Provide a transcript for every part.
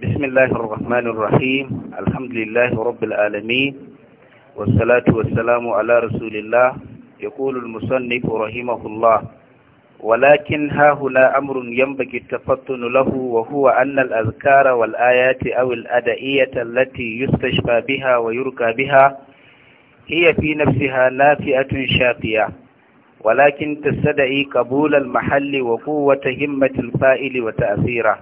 بسم الله الرحمن الرحيم الحمد لله رب العالمين والصلاة والسلام على رسول الله يقول المصنف رحمه الله ولكن ها هنا أمر ينبغي التفطن له وهو أن الأذكار والآيات أو الأدائية التي يستشفى بها ويرقى بها هي في نفسها نافئة شافية ولكن تستدعي قبول المحل وقوة همة الفائل وتأثيره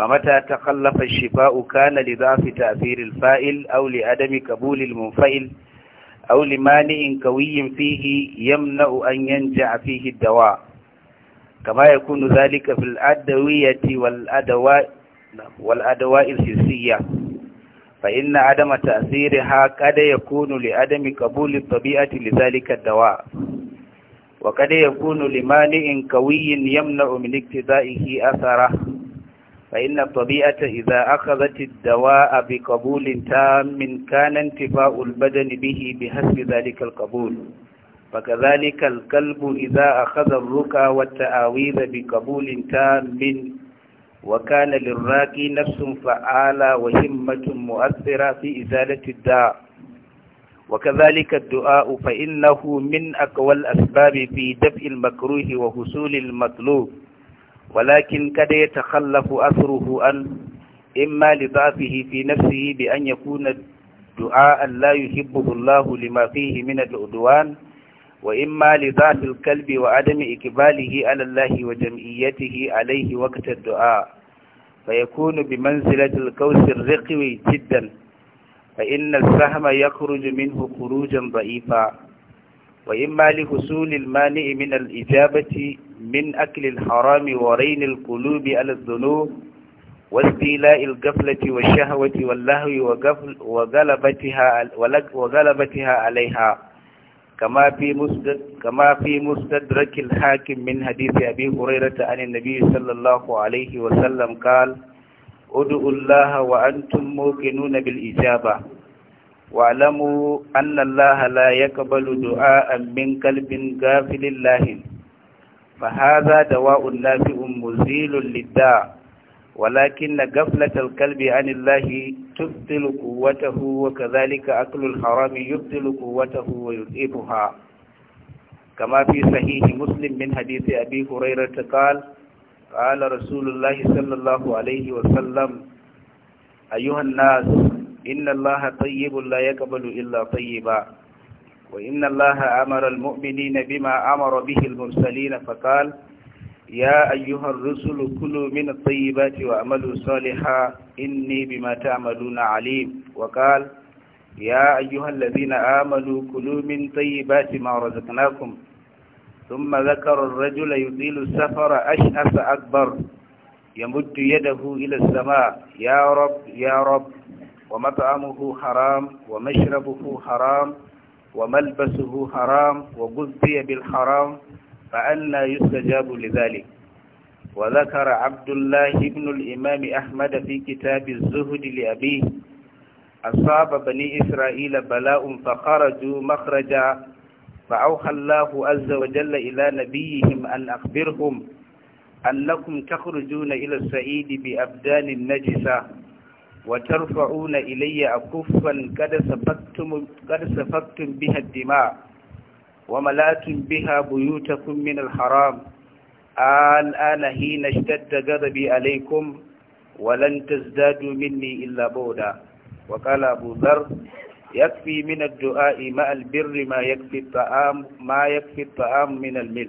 فمتى تخلف الشفاء كان لضعف تأثير الفائل أو لعدم قبول المنفئل أو لمانع قوي فيه يمنع أن ينجع فيه الدواء كما يكون ذلك في الأدوية والأدواء والأدواء الحسية فإن عدم تأثيرها قد يكون لعدم قبول الطبيعة لذلك الدواء وقد يكون لمانع قوي يمنع من اقتضائه أثره فإن الطبيعة إذا أخذت الدواء بقبول تام كان انتفاء البدن به بحسب ذلك القبول فكذلك الكلب إذا أخذ الرقى والتعاويذ بقبول تام وكان للراقي نفس فعالة وهمة مؤثرة في إزالة الداء وكذلك الدعاء فإنه من أقوى الأسباب في دفع المكروه وحصول المطلوب ولكن كده يتخلف أثره أن إما لضعفه في نفسه بأن يكون دعاء لا يحبه الله لما فيه من الأدوان وإما لضعف الكلب وعدم إقباله على الله وجمعيته عليه وقت الدعاء فيكون بمنزلة الكوس الرقوي جدا فإن السهم يخرج منه خروجا ضعيفا وإما لحصول المانع من الإجابة من أكل الحرام ورين القلوب على الذنوب واستيلاء القفلة والشهوة واللهو وغلبتها, وغلبتها عليها كما في مسجد كما في مستدرك الحاكم من حديث أبي هريرة عن النبي صلى الله عليه وسلم قال ادعوا الله وأنتم موقنون بالإجابة واعلموا أن الله لا يقبل دعاء من قلب غافل الله فهذا دواء نافع مزيل للداء ولكن غفلة القلب عن الله تبطل قوته وكذلك أكل الحرام يبطل قوته ويذئبها كما في صحيح مسلم من حديث أبي هريرة قال قال رسول الله صلى الله عليه وسلم أيها الناس إن الله طيب لا يقبل إلا طيبا وإن الله أمر المؤمنين بما أمر به المرسلين فقال يا أيها الرسل كلوا من الطيبات وأملوا صالحا إني بما تعملون عليم وقال يا أيها الذين آمنوا كلوا من طيبات ما رزقناكم ثم ذكر الرجل يطيل السفر أشأف أكبر يمد يده إلى السماء يا رب يا رب ومطعمه حرام ومشربه حرام وملبسه حرام وغذي بالحرام فأنا يستجاب لذلك وذكر عبد الله بن الإمام أحمد في كتاب الزهد لأبيه أصاب بني إسرائيل بلاء فخرجوا مخرجا فأوحى الله عز وجل إلى نبيهم أن أخبرهم أنكم تخرجون إلى السعيد بأبدان نجسة وترفعون إلي أكفا قد سفكتم, قد سفكتم بها الدماء وملاتم بها بيوتكم من الحرام الآن حين اشتد غضبي عليكم ولن تزدادوا مني إلا بودا وقال أبو ذر يكفي من الدعاء مع البر ما يكفي الطعام ما يكفي الطعام من الملك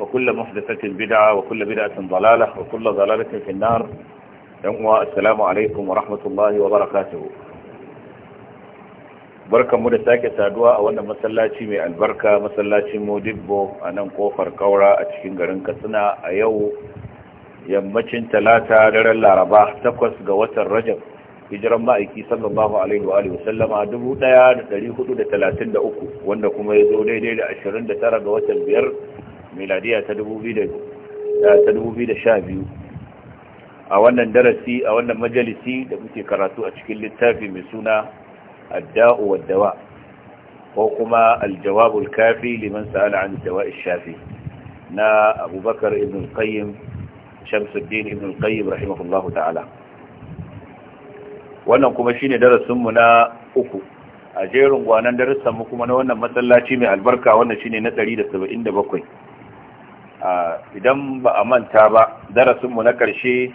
وكل محدثة بدعة وكل بدعة ضلالة وكل ضلالة في النار يوم السلام عليكم ورحمة الله وبركاته بركة مدى ساكة سادوا أولا مسلاتي من البركة مسلاتي مدبو أنا مقوفر كورا أتشكين غرنك سنة أيو yammacin talata daren laraba takwas ga watan rajab hijiran ma'aiki sallallahu alaihi wa alihi wasallama 1433 wanda kuma ya zo daidai da 29 ga watan biyar miladiya ta 2012 a wannan darasi a wannan majalisi da muke karatu a cikin littafi mai suna adda'u waddawa ko kuma aljawabul kafi liman sa'ala an dawa'i shafi na abubakar ibn al-qayyim shamsuddin ibn al-qayyim rahimahullahu ta'ala wannan kuma shine darasin mu na uku a jerin gwanan darussan mu kuma na wannan masallaci mai albarka wannan shine na 177 idan ba a manta ba darasinmu na ƙarshe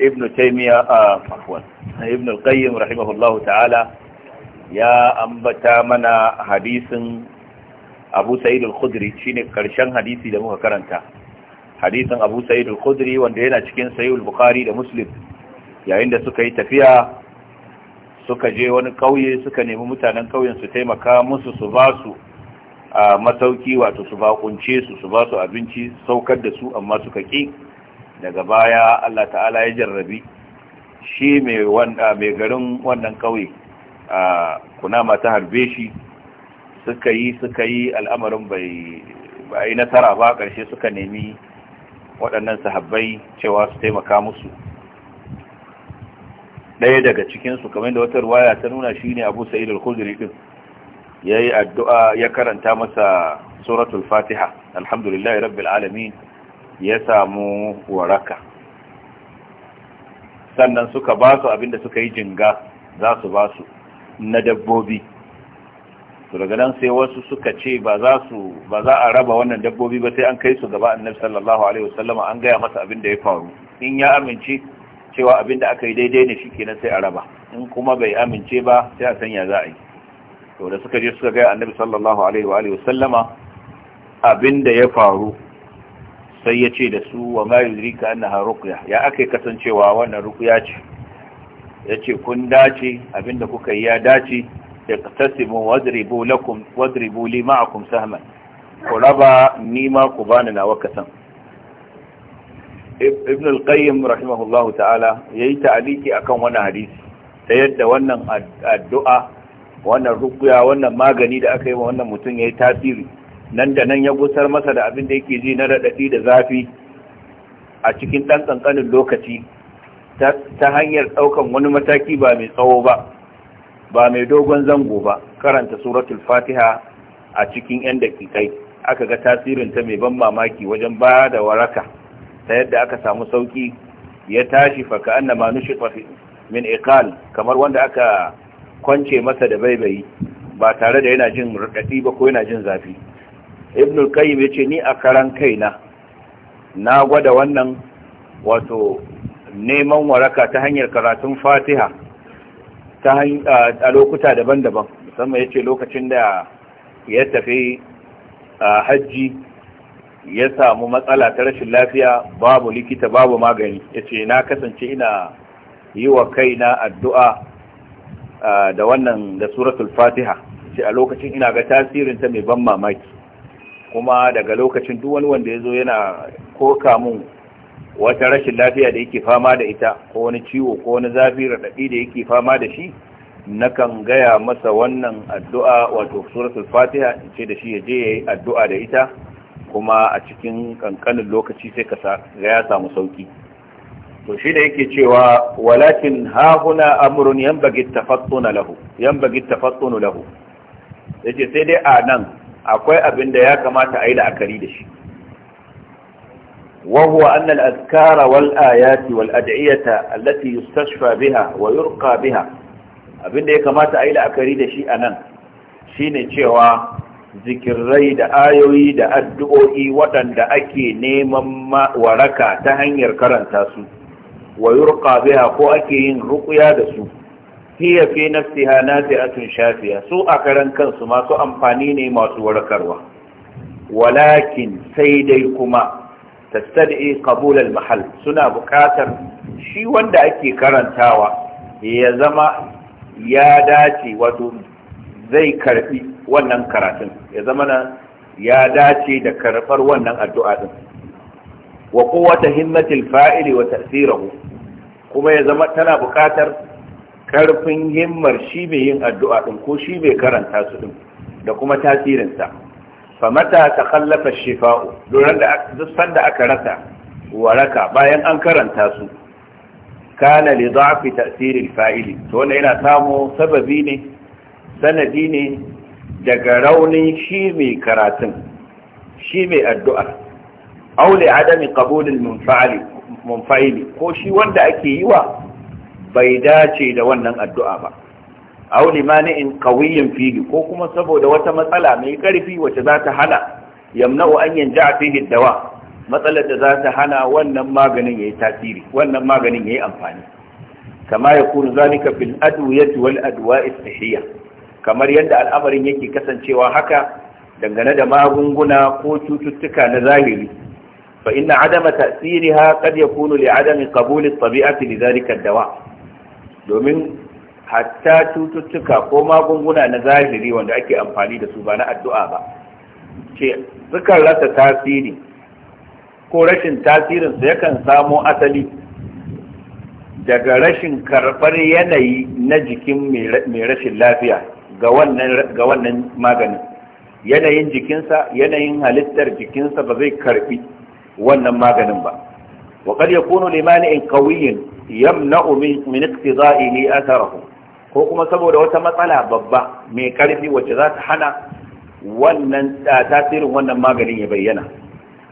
ibn taimiyya a afwan ibn al-qayyim rahimahullahu ta'ala ya ambata mana hadisin abu sa'id al-khudri shine karshen hadisi da muka karanta hadisin abu sa'id al wanda yana cikin sahih al-bukhari da muslim yayin da suka yi tafiya suka je wani kauye suka nemi mutanen kauyen su taimaka musu su ba su A masauki wato su bakunce su su ba su abinci saukar da su amma suka ƙi daga baya Allah ta'ala ya jarrabi shi mai garin wannan kauye a kunama ta harbe shi suka yi suka yi al'amarin bai bai nasara ba ƙarshe suka nemi waɗannan sahabbai cewa su taimaka musu ɗaya daga cikinsu kamar da wata ruwaya ta nuna shi ne abu sa'id al-khudri din ya yi addu'a ya karanta masa suratul fatiha alhamdulillah rabbil alamin ya samu waraka sannan suka ba su abinda suka yi jinga za su ba su na dabbobi su daga nan sai wasu suka ce ba za a raba wannan dabbobi ba sai an kai su gaba annabi sallallahu alaihi wasallama an gaya masa abin da ya faru in ya amince cewa abin da aka yi daidai ne shi kenan sai a raba in kuma bai amince ba sai a sanya za a yi to da suka je suka gaya annabi sallallahu alaihi wa alihi sallama abinda ya faru sai ya ce da su wa mayuri ka annaha ruqya ya ake kasancewa wannan ruqya ce yace kun dace abinda kuka yi ya dace iqtasimu wadribu lakum wadribu li ma'akum sahman ku raba ni ma ku bani nawa kasan ibn al-qayyim rahimahullahu ta'ala yayi ta'aliki akan wannan hadisi ta yadda wannan addu'a wannan rukuya wannan magani da aka yi wa wannan mutum ya yi tasiri nan da nan ya gusar masa da abin da yake ji na raɗaɗi da zafi a cikin ɗan ƙanƙanin lokaci ta hanyar ɗaukan wani mataki ba mai tsawo ba ba mai dogon zango ba karanta suratul fatiha a cikin 'yan dakikai aka ga tasirin ta mai ban mamaki wajen ba da waraka ta yadda aka samu sauki ya tashi faka annama nushi min iqal kamar wanda aka kwance masa da baibayi ba tare da yana jin rikati ba ko yana jin zafi ibn al-qayyim yace ni a karan kaina na gwada wannan wato neman waraka ta hanyar karatun fatiha ta a lokuta daban-daban musamman yace lokacin da ya tafi hajji ya samu matsala ta rashin lafiya babu likita babu magani yace na kasance ina yi wa kaina addu'a da wannan da suratul fatiha ce a lokacin ina ga tasirin ta mai ban mamaki kuma daga lokacin duk wani wanda ya zo yana koka mun wata rashin lafiya da yake fama da ita ko wani ciwo ko wani zafi raɗaɗi da yake fama da shi nakan gaya masa wannan addu'a wato suratul fatiha ce da shi ya je yayi addu'a da ita kuma a cikin kankanin lokaci sai ka ga ya samu sauki to shi da yake cewa walakin hahuna amrun yanbaghi tafattuna lahu yanbaghi tafattunu lahu ce sai dai a nan akwai abin da ya kamata a yi la'akari da shi وهو أن الأذكار والآيات والأدعية التي يستشفى بها ويرقى biha, abin da ya kamata a yi la'akari da shi a nan shine cewa zikirai da ayoyi da addu'o'i waɗanda ake neman waraka ta hanyar karanta su wa yurqa biha ko ake yin ruqya da su hiya fi nafsiha nafi'atun shafiya su a karan kansu masu amfani ne masu warkarwa walakin sai dai kuma tastad'i qabul al-mahall suna buƙatar shi wanda ake karantawa ya zama ya dace wato zai karbi wannan karatun ya zama na ya dace da karɓar wannan addu'a din wa quwwata himmatil fa'ili wa ta'sirahu kuma ya zama tana buƙatar karfin himmar shi mai yin addu'a ɗin ko shi mai karanta su ɗin da kuma tasirinsa mata ta kallafa shifa'u doron da duk sanda aka rasa waraka bayan an karanta su kana li za'afi tasirin fa'ili to wannan yana samu sababi ne sanadi ne daga raunin shi mai karatun shi mai addu'ar aule adami qabulil munfa'ali munfa'ili ko shi wanda ake yi wa bai dace da wannan addu'a ba aule mani'in qawiyyin fihi ko kuma saboda wata matsala mai karfi wacce za ta hana yamna'u an yanja fihi dawa matsalar da za ta hana wannan maganin yayi tasiri wannan maganin yayi amfani kama yakunu zalika fil adwiyati wal adwa'i sihiyya kamar yadda al'amarin yake kasancewa haka dangane da magunguna ko cututtuka na zahiri فإن عدم تأثيرها قد يكون لعدم قبول الطبيعة لذلك الدواء domin hatta cututtuka ko magunguna na zahiri wanda ake amfani da su ba na addu'a ba ce sukan rasa tasiri ko rashin tasirinsu yakan samo asali daga rashin karɓar yanayi na jikin mai rashin lafiya ga wannan maganin yanayin jikinsa yanayin halittar jikinsa ba zai karɓi wannan maganin ba wa qad yakunu limani'in qawiyyin yamna'u min iqtida'ihi atharahu ko kuma saboda wata matsala babba mai karfi wacce za ta hana wannan tasirin wannan maganin ya bayyana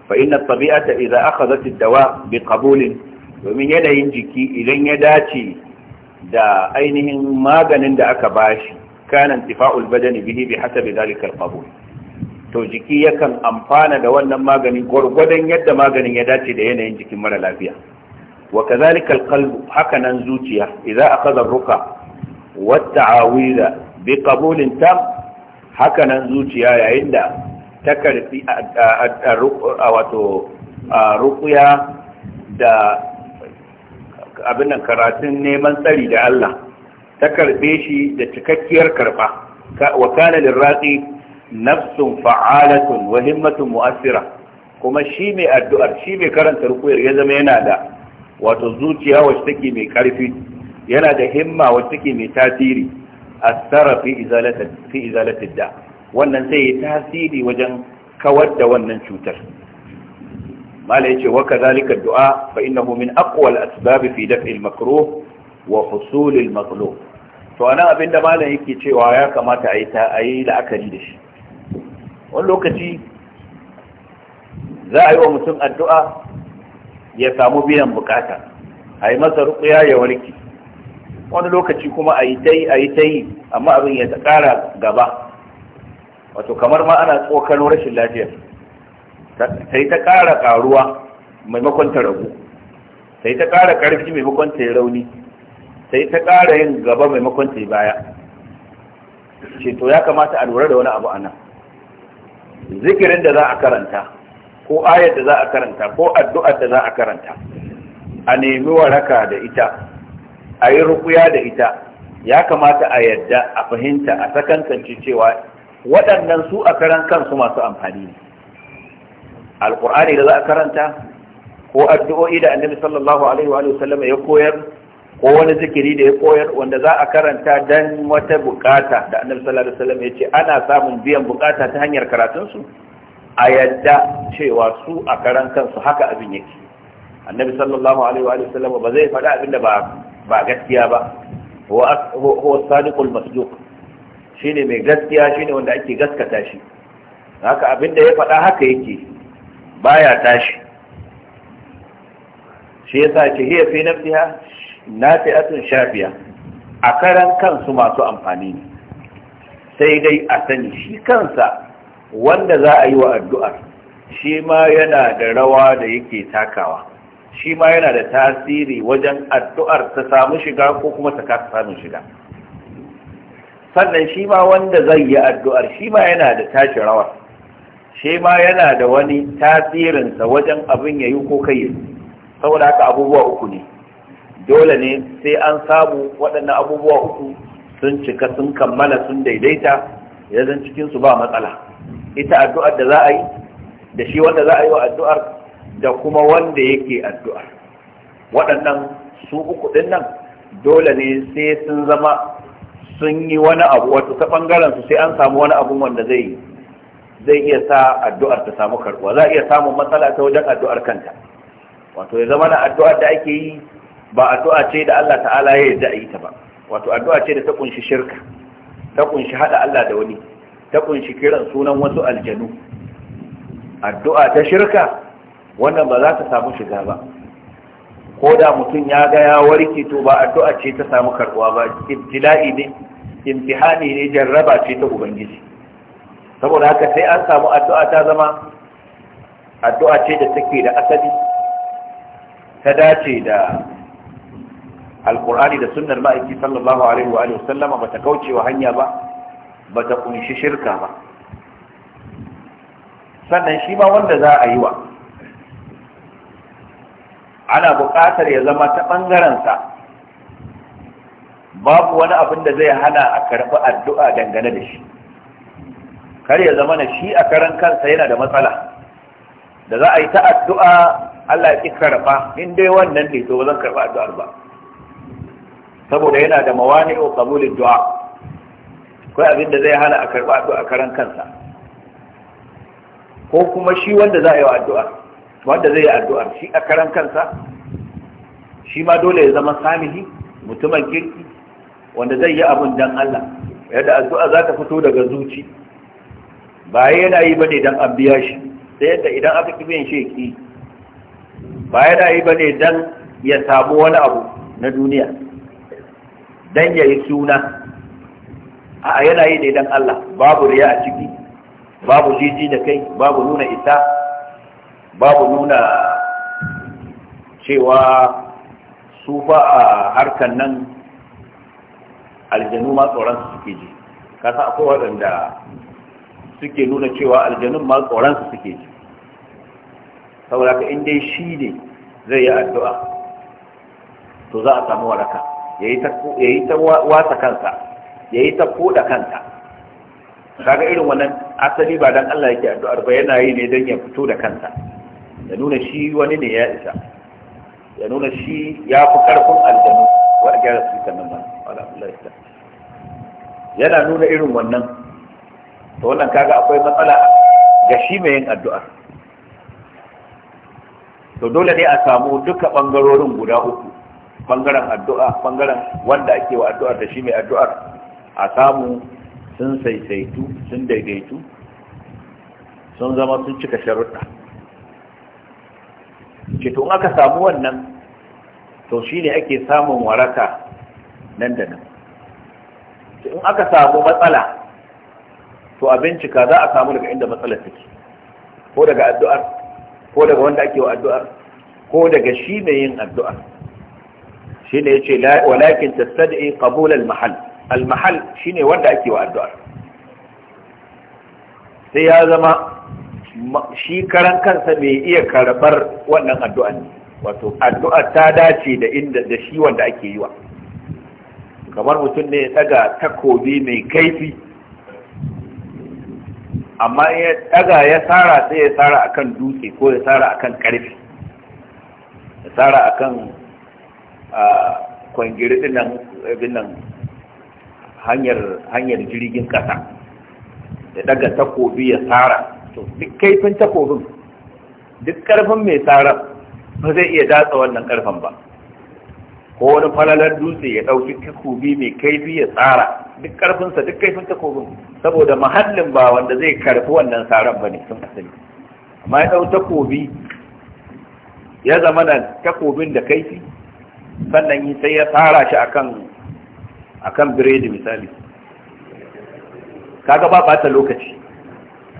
fa inna tabi'ata idza akhadhat ad-dawa bi qabulin domin yanayin jiki idan ya dace da ainihin maganin da aka bashi kana intifa'ul badani bihi bi hasabi dhalika al-qabul to jiki yakan amfana da wannan magani gwargwadon yadda maganin ya dace da yanayin jikin mara lafiya wa kazalikal qalbu hakanan zuciya idza akhadha ruka wa ta'awida bi qabulin tam hakanan zuciya yayin da ta karfi wato ruqya da abin nan karatun neman tsari da Allah ta karbe shi da cikakkiyar karba wa kana lirraqi nafsun fa'alatun wa himmatun mu'asira. kuma shi mai addu'ar shi mai karanta rukuyar ya zama yana da wato zuciya wacce take mai karfi yana da himma wacce take mai tasiri asara fi izalatin da wannan sai ya tasiri wajen kawar da wannan cutar mala yace wa kadhalika du'a fa innahu min aqwa al-asbab fi daf'i al wa husul al-maghlub to ana abinda malam yake cewa ya kamata a yi ta la'akari da shi wani lokaci za a yi wa mutum addu'a ya samu biyan bukata a yi masa rukuya ya warki wani lokaci kuma a yi ta yi a yi ta yi amma abin ya ƙara gaba wato kamar ma ana tsokano rashin lafiyar ta yi ta ƙara ƙaruwa maimakon ta ragu ta yi ta ƙara ƙarfi maimakon ta yi rauni ta yi ta ƙara yin gaba maimakon ta yi baya ce to ya kamata a lura da wani abu a nan zikirin da za a karanta ko ayar da za a karanta ko addu'ar da za a karanta a nemi waraka da ita a yi rukuya da ita ya kamata a yadda a fahimta a sakantance cewa waɗannan su a karan kansu masu amfani ne alƙur'ani da za a karanta ko addu'o'i da annabi sallallahu alaihi wa sallama ya koyar ko wani zikiri da ya koyar wanda za a karanta dan wata bukata da annabi sallallahu alaihi wasallam yace ana samun biyan bukata ta hanyar karatun su a yadda cewa su a karan kansu haka abin yake annabi sallallahu alaihi wa sallam ba zai faɗa abin da ba ba gaskiya ba huwa sadiqul masduq shine mai gaskiya shine wanda ake gaskata shi haka abin da ya faɗa haka yake baya tashi shi yasa ce hiya fi nafsiha nafi'atun shafiya a karan kansu masu amfani ne sai dai a sani shi kansa wanda za a yi wa addu'ar shi ma yana da rawa da yake takawa shi ma yana da tasiri wajen addu'ar ta samu shiga ko kuma ta kasa samun shiga sannan shi ma wanda zai yi addu'ar shi ma yana da tashi rawar shi ma yana da wani tasirinsa wajen abin ya yi ko kai saboda haka abubuwa uku ne dole ne sai an samu waɗannan abubuwa uku sun cika sun kammala sun daidaita cikin su ba matsala ita addu'ar da za a yi da shi wanda za a yi wa addu'ar da kuma wanda yake addu'ar waɗannan su uku ɗin nan dole ne sai sun zama sun yi wani abu wato ta ɓangaren su sai an samu wani abu wanda zai zai iya sa addu'ar ta samu karɓuwa za a iya samun matsala ta wajen addu'ar kanta wato ya zama na addu'ar da ake yi ba addu'a ce da Allah ta'ala ya yarda a yi ta ba wato addu'a ce da ta kunshi shirka ta kunshi hada Allah da wani ta kunshi kiran sunan wasu aljanu addu'a ta shirka wannan ba za ta samu shiga ba ko da mutum ya ga ya warke to ba addu'a ce ta samu karbuwa ba ibtila'i ne imtihani ne jarraba ce ta ubangiji saboda haka sai an samu addu'a ta zama addu'a ce da take da asali ta dace da alkur'ani da sunnar ma'aiki sallallahu alaihi wa sallama bata kaucewa hanya ba bata kunshi shirka ba sannan shi ma wanda za a yi wa ana buƙatar ya zama ta ɓangarensa babu wani abin da zai hana a karɓi addu'a dangane da shi kar ya zama na shi a karan kansa yana da matsala da za a yi ta addu'a Allah ya ƙi karɓa in dai wannan ne to ba zan karɓi addu'ar ba saboda yana da mawani'u qabulid du'a akwai abin da zai hana a karba addu'a karan kansa ko kuma shi wanda za a yi addu'a wanda zai yi addu'a shi a karan kansa shi ma dole ya zama samihi mutumin kirki wanda zai yi abun dan Allah yadda addu'a za ta fito daga zuci ba yana yi bane dan an biya shi sai yadda idan aka kibe shi ki ba yana yi bane dan ya samu wani abu na duniya dan ya yi suna a yana yi ne dan Allah babu riya a ciki babu jiji da kai babu nuna isa babu nuna cewa su fa a harkan nan aljanu ma tsoron suke ji kasa akwai waɗanda suke nuna cewa aljanun ma tsoron su suke ji saboda ka inda shi ne zai yi addu'a to za a samu waraka ya yi ta wasa kansa ya yi ta koda kanta. kaga irin wannan asali ba don Allah yake addu'ar ba yana yi ne don ya fito da kansa ya nuna shi wani ne ya isa ya nuna shi ya fi karfin aljanu wa gyara su kanan ba wala Allah ya yana nuna irin wannan to wannan kaga akwai matsala ga shi mai yin addu'a to dole ne a samu duka bangarorin guda uku bangaren addu'a bangaren wanda ake wa addu'ar da shi mai addu'ar a samu sun saisaitu sun daidaitu sun zama sun cika sharuɗa in aka samu wannan to shi ne ake samun waraka nan da nan in aka samu matsala to a bincika za a samu daga inda matsalar take ko daga addu'ar ko daga wanda ake wa addu'ar ko daga shi mai yin addu'ar shine yace walakin tastad'i qabul al-mahall al-mahall shine wanda ake wa addu'a sai ya zama shi karan kansa bai iya karbar wannan addu'an ne wato addu'a ta dace da inda da shi wanda ake yi wa kamar mutum ne ya daga takobi mai kaifi amma ya daga ya tsara sai ya tsara akan dutse ko ya tsara akan karfi ya tsara akan kwangiri dinnan hanyar jirgin ƙasa da daga takobi ya tsara to duk kaifin takobin duk ƙarfin mai tsara ba zai iya datsa wannan ƙarfin ba ko wani falalar dutse ya ɗauki takobi mai kaifi ya tsara duk ƙarfinsa duk kaifin takobin saboda mahallin ba wanda zai karfi wannan tsaran ba ne sun asali amma ya ɗau takobi ya zama da takobin da kaifi sannan yi sai ya tsara shi akan kan biredi misali kaga ba ta lokaci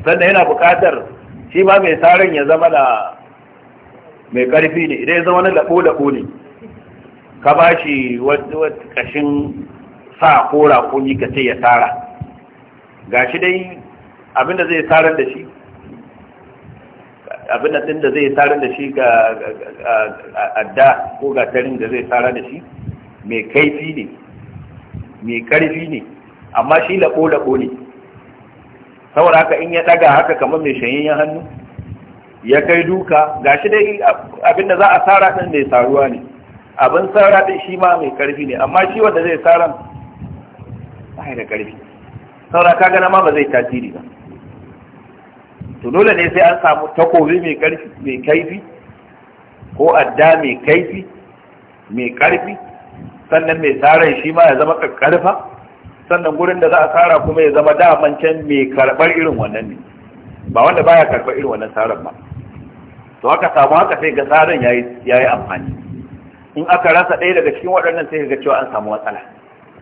sannan yana bukatar shi ba mai tsarin ya zama da mai ƙarfi ne idan ya zama na laɓo-laɓo ne ka ba shi wata ƙashin sa ko raƙumi ka ce ya tsara ga shi dai abinda zai tsarar da shi abin din da zai tsara da shi ga adda ko ga tarin da zai tsara da shi mai kaifi ne mai karfi ne amma shi labo-labo ne saboda haka in ya daga haka kamar mai shanyayyen hannu ya kai duka gashi dai abin da za a tsara din mai saruwa ne abin tsara din shi ma mai karfi ne amma shi wanda zai tsara ba da karfi saboda kaga na ma ba zai tasiri ba to dole ne sai an samu takobi mai kaifi ko adda mai kaifi mai karfi sannan mai tsarin shi ma ya zama karfa sannan gurin da za a tsara kuma ya zama daman can mai karɓar irin wannan ne ba wanda baya karɓar irin wannan tsarin ba to aka samu haka sai ga tsarin ya yi amfani in aka rasa ɗaya daga cikin waɗannan sai ga cewa an samu matsala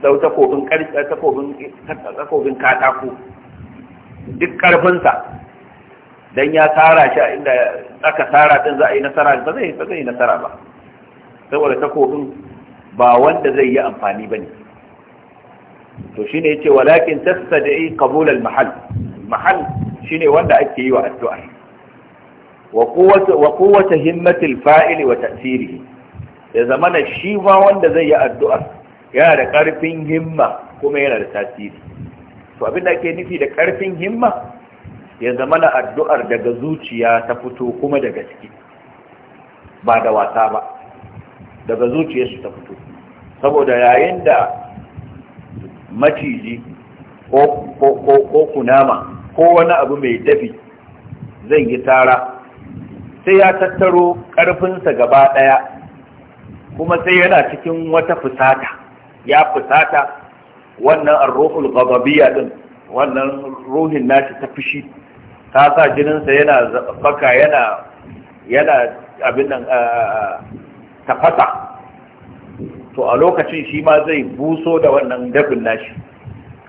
sau takobin katako duk ƙarfinsa dan ya tsara shi a inda aka tsara din za a yi nasara ba zai ba zai nasara ba saboda takobin ba wanda zai yi amfani bane to shine yace walakin da qabul al mahal mahal ne wanda ake yi wa addu'a wa quwwata wa quwwata wa tasiri. ya zamana shi ma wanda zai yi addu'a yana da ƙarfin himma kuma yana da tasiri to abin da ake nufi da karfin himma ya zama na addu'ar daga zuciya ta fito kuma daga ciki ba da wasa ba daga zuciya su ta fito saboda yayin da maciji ko kunama ko wani abu mai dafi zai yi tara sai ya tattaro ƙarfinsa gaba ɗaya kuma sai yana cikin wata fusata ya fusata wannan arrohul gababiya din wannan ruhin nashi ta fushi ta sa jininsa yana faka yana yana abin nan tafasa to a lokacin shi ma zai buso da wannan dafin nashi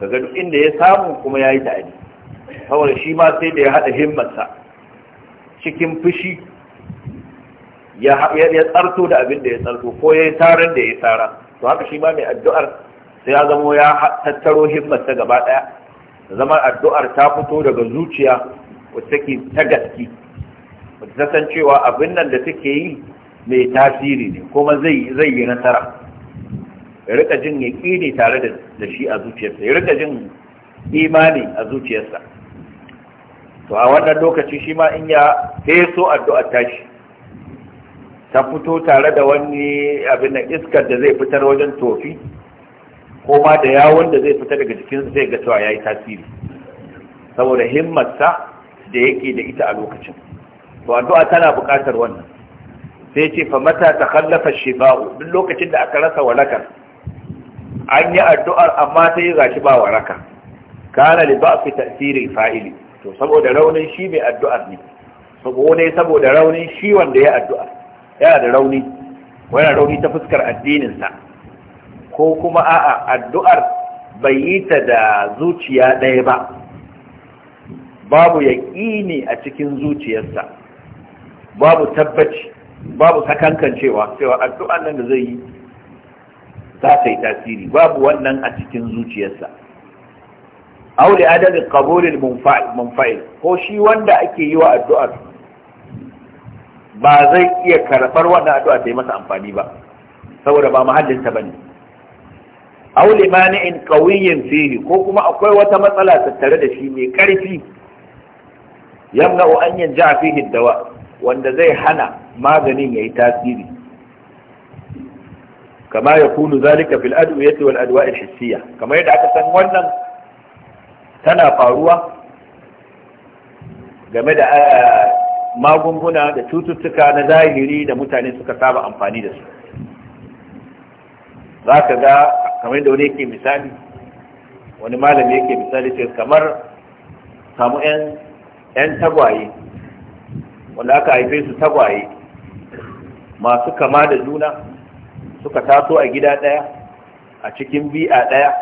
kaga duk inda ya samu kuma ya yi ta'adi saboda shi ma sai da ya haɗa himmarsa cikin fushi ya tsarto da abin da ya tsarto ko ya yi taron da ya tara to haka shi ma mai addu'ar sai ya zamo ya tattaro himmarsa gaba ɗaya zama addu'ar ta fito daga zuciya wacce take ta gaske wacce ta san cewa abin nan da take yi mai tasiri ne kuma zai yi nasara ya rika jin ya ne tare da shi a zuciyarsa ya rika jin imani a zuciyarsa to a wannan lokaci shi ma in ya feso addu'a tashi ta fito tare da wani abin nan iskar da zai fitar wajen tofi ko ma da yawon da zai fita daga jikinsa zai ga cewa ya yi tasiri saboda himmarsa da yake da ita a lokacin to addu'a tana buƙatar wannan sai ce fa mata ta khallafa shifa'u duk lokacin da aka rasa warakar an yi addu'ar amma ta yi gashi ba waraka kana li ba'fi ta'siril fa'ili to saboda raunin shi mai addu'ar ne saboda saboda raunin shi wanda ya addu'a yana da rauni wannan rauni ta fuskar addinin sa ko kuma a'a addu'ar bai yi ta da zuciya ɗaya ba babu yaƙini a cikin zuciyarsa babu tabbaci babu sakankan cewa Cewa addu'an nan da zai yi za ta yi tasiri babu wannan a cikin zuciyarsa aure adadin qabulil munfa'il ko shi wanda ake yi wa addu'ar ba zai iya karɓar wannan addu'a ta yi masa amfani ba saboda ba mahallinta bane aure mani'in qawiyyin fihi ko kuma akwai wata matsala tattare da shi mai ƙarfi yamna'u an yanja fihi dawa wanda zai hana maganin yayi tasiri kama ya yakunu zalika fil adwiyati wal adwa' al hissiyya kamar yadda aka san wannan tana faruwa game da eh, magunguna da cututtuka na zahiri da mutane suka saba amfani da su za ka ga kamar yadda wani yake misali wani malami yake misali ce, kamar samu 'yan 'yan tagwaye wanda aka haife su tagwaye masu kama da juna suka taso a gida ɗaya a cikin bi'a ɗaya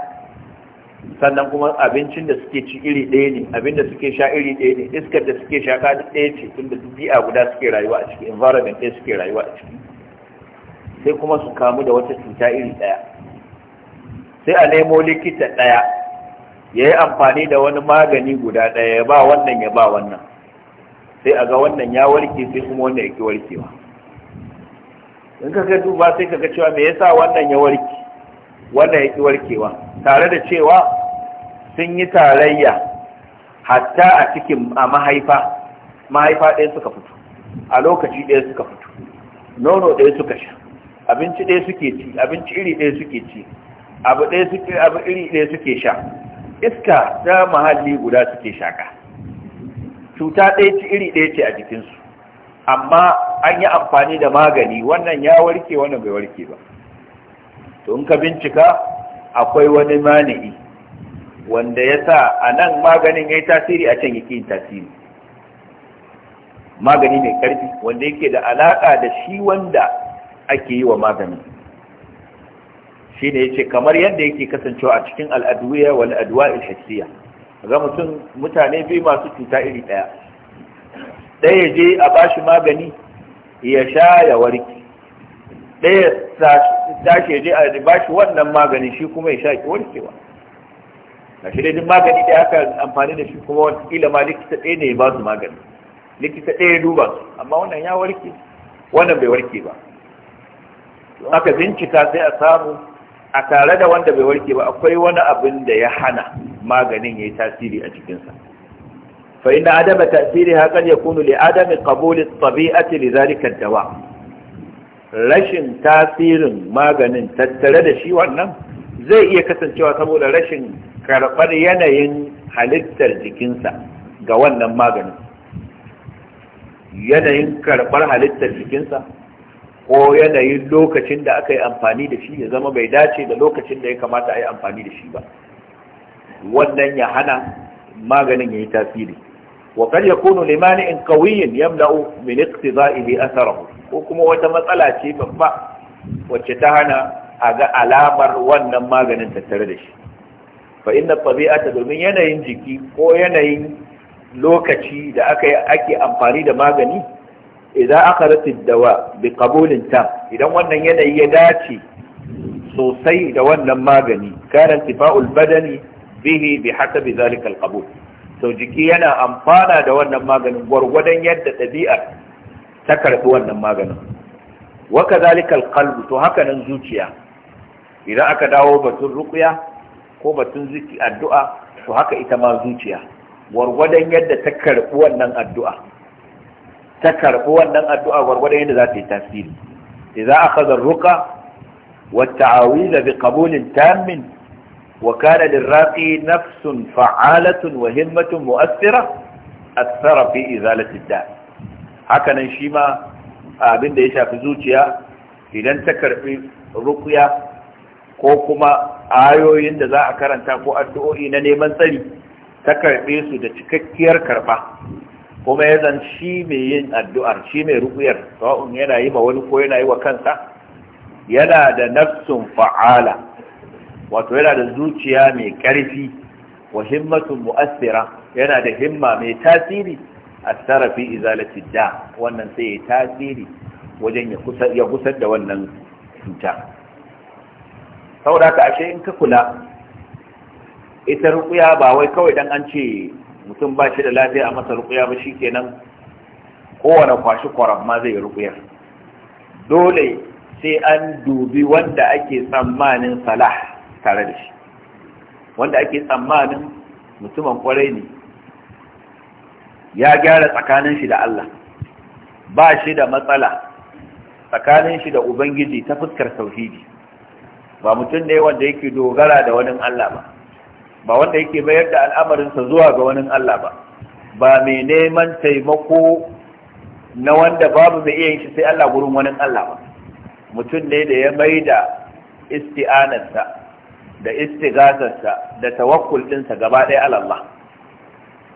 sannan kuma abincin da suke ci iri ɗaya ne abin da suke sha iri ɗaya ne iskar da suke sha kaɗi ɗaya ce tun da bi'a guda suke rayuwa a ciki environment ɗaya suke rayuwa a ciki sai kuma su kamu da wata cuta iri ɗaya sai a nemo likita ɗaya ya yi amfani da wani magani guda ɗaya ya ba wannan ya ba wannan sai a ga wannan ya warke sai kuma wannan ya ki warkewa in ka kai duba sai ka ga cewa me yasa wannan ya warke wannan ya ki warkewa tare da cewa sun yi tarayya hatta a cikin a mahaifa mahaifa ɗaya suka fito a lokaci ɗaya suka fito nono ɗaya suka sha abinci ɗaya suke ci abinci iri ɗaya suke ci abu ɗaya suke abu iri ɗaya suke sha iska ta mahalli guda suke shaka cuta ɗaya ci iri ɗaya ce a jikinsu amma an yi amfani da magani wannan ya warke wannan bai warke ba to in ka bincika akwai wani mani'i wanda ya sa a nan maganin ya yi tasiri a can yake yin tasiri magani mai karfi wanda yake da alaƙa da shi wanda ake yi wa maganin shine yace kamar yadda yake kasancewa a cikin al'adwiya wal adwa'il hissiya ga mutum mutane biyu masu cuta iri daya ɗaya je a bashi magani ya sha ya warke ɗaya tashi je a bashi wannan magani shi kuma ya sha warke wa na shi dai magani da aka amfani da shi kuma wata kila ma likita ɗaya ne ya ba su magani likita ɗaya ya duba su amma wannan ya warke wannan bai warke ba aka bincika sai a samu a tare da wanda bai warke ba akwai wani abin da ya hana maganin ya yi tasiri a cikinsa fa inda adama tasiri hakan ya kunu li adami qabuli tabi'ati li zalika dawa rashin tasirin maganin tattare da shi wannan zai iya kasancewa saboda rashin karɓar yanayin halittar jikinsa ga wannan maganin yanayin karɓar halittar jikinsa ko yanayin lokacin da aka yi amfani da shi ya zama bai dace da lokacin da ya kamata a yi amfani da shi ba wannan ya hana maganin ya yi tasiri wa ya kunu limani in kawiyin yamla'u min bi atharahu ko kuma wata matsala ce babba wacce ta hana a ga alamar wannan maganin tattare da shi fa inna tabi'ata domin yanayin jiki ko yanayin lokaci da aka ake amfani da magani idza akhadhat dawa bi qabulin idan wannan yanayi ya dace sosai da wannan magani kana intifa'ul badani bihi bi hasabi zalika al-qabul to jiki yana amfana da wannan maganin gwargwadon yadda ɗabi'ar ta karɓi wannan maganin wa kadhalika al to haka nan zuciya idan aka dawo batun ko batun zuci addu'a to haka ita ma zuciya gwargwadon yadda ta karɓi wannan addu'a ta karbi wannan addu'a gwargwadon yadda za ta yi tasiri idza a ar-ruqa wata awi da bi qabulin tammin wa kana da raqi nafsun fa'alatun wa himmatun mu'assira athara fi izalati da haka nan shi ma abin da ya shafi zuciya idan ta karbi ruqya ko kuma ayoyin da za a karanta ko addu'o'i na neman tsari ta karɓe su da cikakkiyar karɓa. kuma ya zan shi mai yin addu'ar shi mai rukuyar sawa'un yana yi ma wani ko yana yi wa kansa yana da nafsun fa'ala wato yana da zuciya mai ƙarfi wa himmatun mu'assira yana da himma mai tasiri a tarafi izalati da wannan sai ya tasiri wajen ya gusar da wannan cuta da ka ashe in ka kula ita rukuya ba wai kawai don an ce mutum ba shi da lafiya a masa rukuya ba shi kenan kowane kwashi kwaram ma zai rukuyar dole sai an dubi wanda ake tsammanin salah tare da shi wanda ake tsammanin mutumin kwarai ne ya gyara tsakanin shi da Allah ba shi da matsala tsakanin shi da Ubangiji ta fuskar tauhidi ba mutum ne wanda yake dogara da wani Allah ba ba wanda yake bayar da al'amarinsa zuwa ga wani Allah ba ba mai neman taimako na wanda babu mai iya yin shi sai Allah gurin wani Allah ba mutum ne da ya mai da isti'anarsa da istigazarsa da tawakkul ɗinsa gaba ɗaya Allah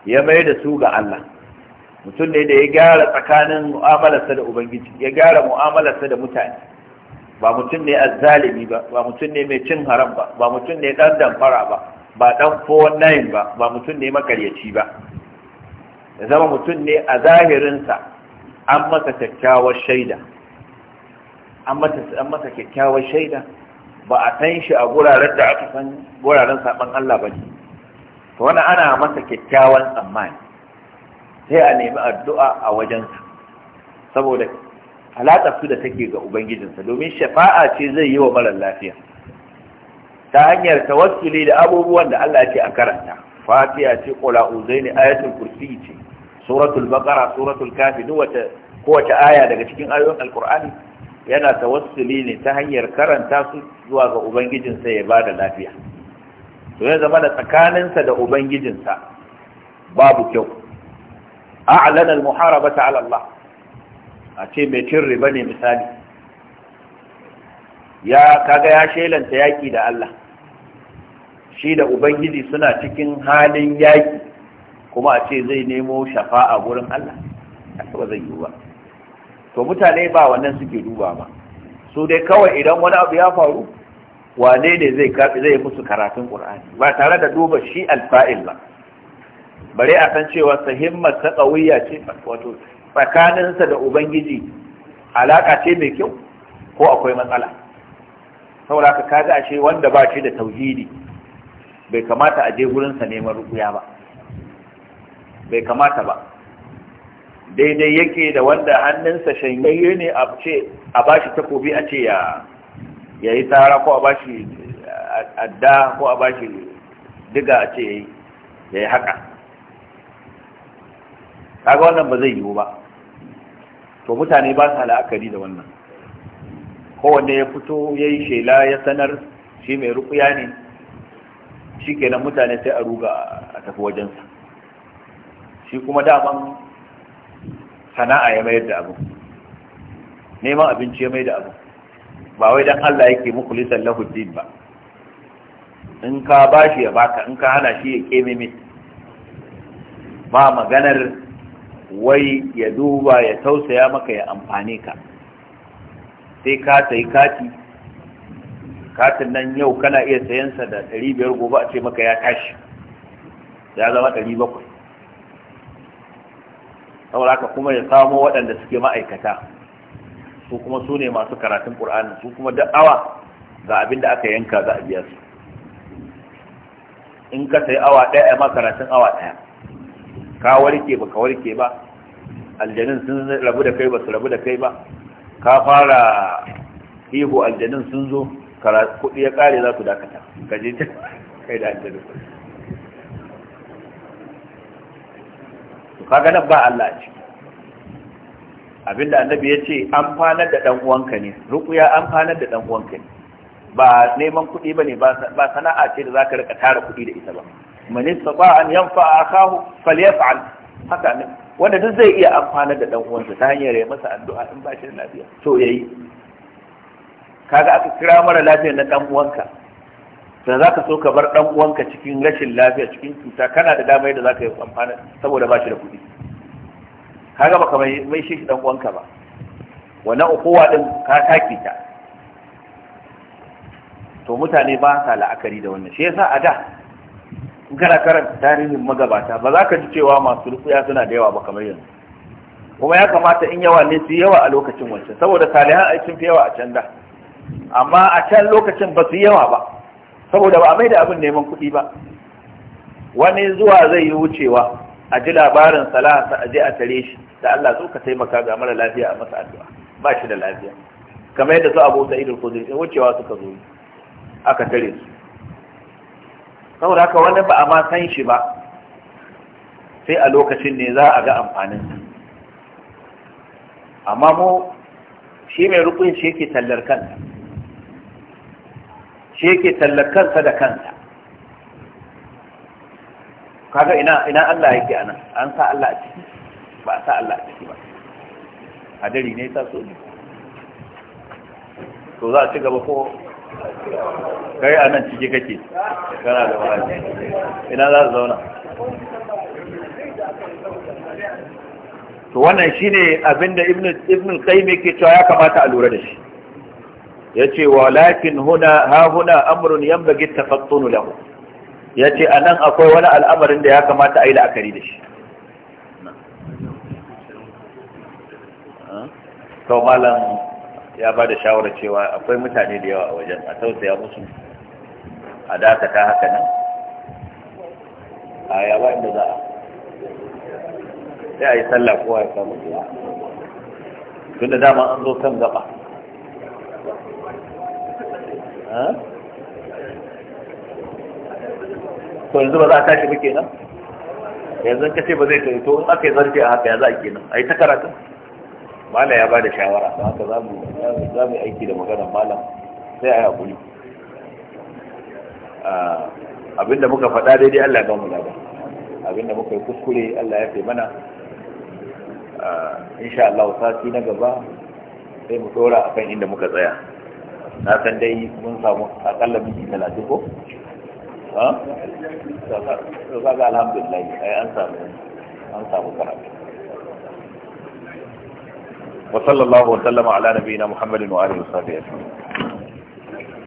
ya mai da su ga Allah mutum ne da ya gyara tsakanin mu'amalarsa da ubangiji ya gyara mu'amalarsa da mutane ba mutum ne azzalimi ba ba mutum ne mai cin haram ba ba mutum ne ɗan damfara ba ba dan 419 ba ba mutum ne makaryaci ba ya zama mutum ne a zahirinsa an masa kyakkyawar shaida an masa kyakkyawar shaida ba a san shi a guraren da aka san guraren saban Allah ba ne to wani ana masa kyakkyawan tsammani sai a nemi addu'a a wajensa saboda alaƙa su da take ga ubangijinsa domin shafa'a ce zai yi wa marar lafiya ta hanyar tawassuli da abubuwan da Allah ce a karanta fatiha ce Kula, uzaini ayatul kursi ce suratul baqara suratul kafi duk wata kowace aya daga cikin ayoyin alqur'ani yana tawassuli ne ta hanyar karanta su zuwa ga ubangijinsa ya bada lafiya to ya zama da tsakaninsa da ubangijinsa babu kyau a'lana al-muharabata ala Allah a ce mai cin riba ne misali ya kaga ya shelanta yaki da Allah shi da ubangiji suna cikin halin yaki kuma a ce zai nemo shafa'a gurin Allah ba zai yi ba to mutane ba wannan suke duba ba su dai kawai idan wani abu ya faru wane ne zai kafi zai musu karatun qur'ani ba tare da duba shi alfa'il ba bare a san cewa sahimmar ta qawiyya ce wato tsakaninsa da ubangiji alaka ce mai kyau ko akwai matsala saboda ka ashe wanda ba shi da tauhidi bai kamata a je wurinsa neman rukuya ba bai kamata ba daidai yake da wanda hannunsa shanyayye ne a ce a bashi takobi a ce ya yi tsara ko a bashi adda ko a bashi diga a ce ya yi haka kaga wannan ba zai yiwu ba to mutane ba su la'akari da wannan kowanne ya fito ya yi shela ya sanar shi mai rukuya ne shi kenan mutane sai a ruga a tafi wajensa shi kuma daman sana'a ya mayar da abu neman abinci ya mayar da abu ba wai dan Allah yake muku lisan lahuddin ba in ka bashi ya baka in ka hana shi ya keme min ba maganar wai ya duba ya tausaya maka ya amfane ka sai ka sayi kati katin nan yau kana iya sa da 500 gobe a ce maka ya tashi ya zama 700 saboda haka kuma ya samo waɗanda suke ma'aikata su kuma su ne masu karatun ƙur'ani su kuma da awa ga abin da aka yanka za a biya su in ka sai awa ɗaya ma karatun awa ɗaya ka warke ba ka warke ba aljanin sun rabu da kai ba su rabu da kai ba ka fara ihu aljanin sun zo kuɗi ya kare za su dakata gaji je kai da aljanu su kaga nan ba Allah a abinda annabi ya ce an fanar da ɗan uwanka ne rukuya an fanar da ɗan uwanka ne ba neman kuɗi ba ne ba sana'a ce da za ka rika tara kuɗi da ita ba mani saba an yanfa a kahu falyafa'al haka ne wanda duk zai iya amfanar da ɗan'uwansa uwansa ta hanyar ya masa addu'a in ba shi da lafiya to yayi kaga aka kira mara lafiya na dan uwanka da zaka so ka bar dan uwanka cikin rashin lafiya cikin cuta kana da damar da zaka yi amfana saboda ba shi da kuɗi kaga baka mai mai shi dan uwanka ba wannan ukuwa din ka take ta to mutane ba sa la'akari da wannan shi yasa a da in kana karanta tarihin magabata ba za ka ji cewa masu rufuya suna da yawa ba kamar yanzu kuma ya kamata in yawa ne su yawa a lokacin wancan saboda salihan aikin fi yawa a can da amma a can lokacin ba su yawa ba saboda ba a mai da abin neman kuɗi ba wani zuwa zai yi wucewa a ji labarin salasa a je a tare shi da Allah so ka taimaka ga mara lafiya a masa addu'a ba shi da lafiya kamar yadda su Abu da al-Khudri sai wucewa suka zo aka tare su saboda haka wani ba a ma san shi ba sai a lokacin ne za a ga amfanin amma mu shi mai rukun shi yake tallar kanta shi yake kansa da kansa kaga ina ina Allah yake nan, an sa Allah a ciki ba a sa Allah a ciki ba hadari ne ta so ne to za a ci gaba ko kai anan ciki kake kana da wahala ina za su zauna to wannan shine abinda ibnu ibnu qayyim yake cewa ya kamata a lura da shi yace walakin huna ha huna amrun yanbaghi tafattunu lahu yace anan akwai wani al'amarin da ya kamata a yi la'akari da shi to malam ya ba da shawarar cewa akwai mutane da yawa a wajen a tausaya musu a dakata haka nan a ya ba inda za a sai a yi sallah kowa ya samu zuwa dama an zo kan gaba to yanzu ba za a tashi ba kenan yanzu ka ce ba zai tafi to in aka yi zarfi a haka ya za a kenan a yi ta karatu mala ya ba da shawara don haka za mu aiki da maganar malam sai a yi haƙuri abinda ah, muka faɗa daidai Allah ya ba mu labar abinda muka yi kuskure Allah ya fi mana ah, insha Allah sati na gaba sai mu a akan inda muka tsaya na san dai mun samu akalla miji talatin ko ha to kaga alhamdulillah ai an samu an samu karatu wa sallallahu wa sallama ala nabiyina muhammadin wa alihi wa sahbihi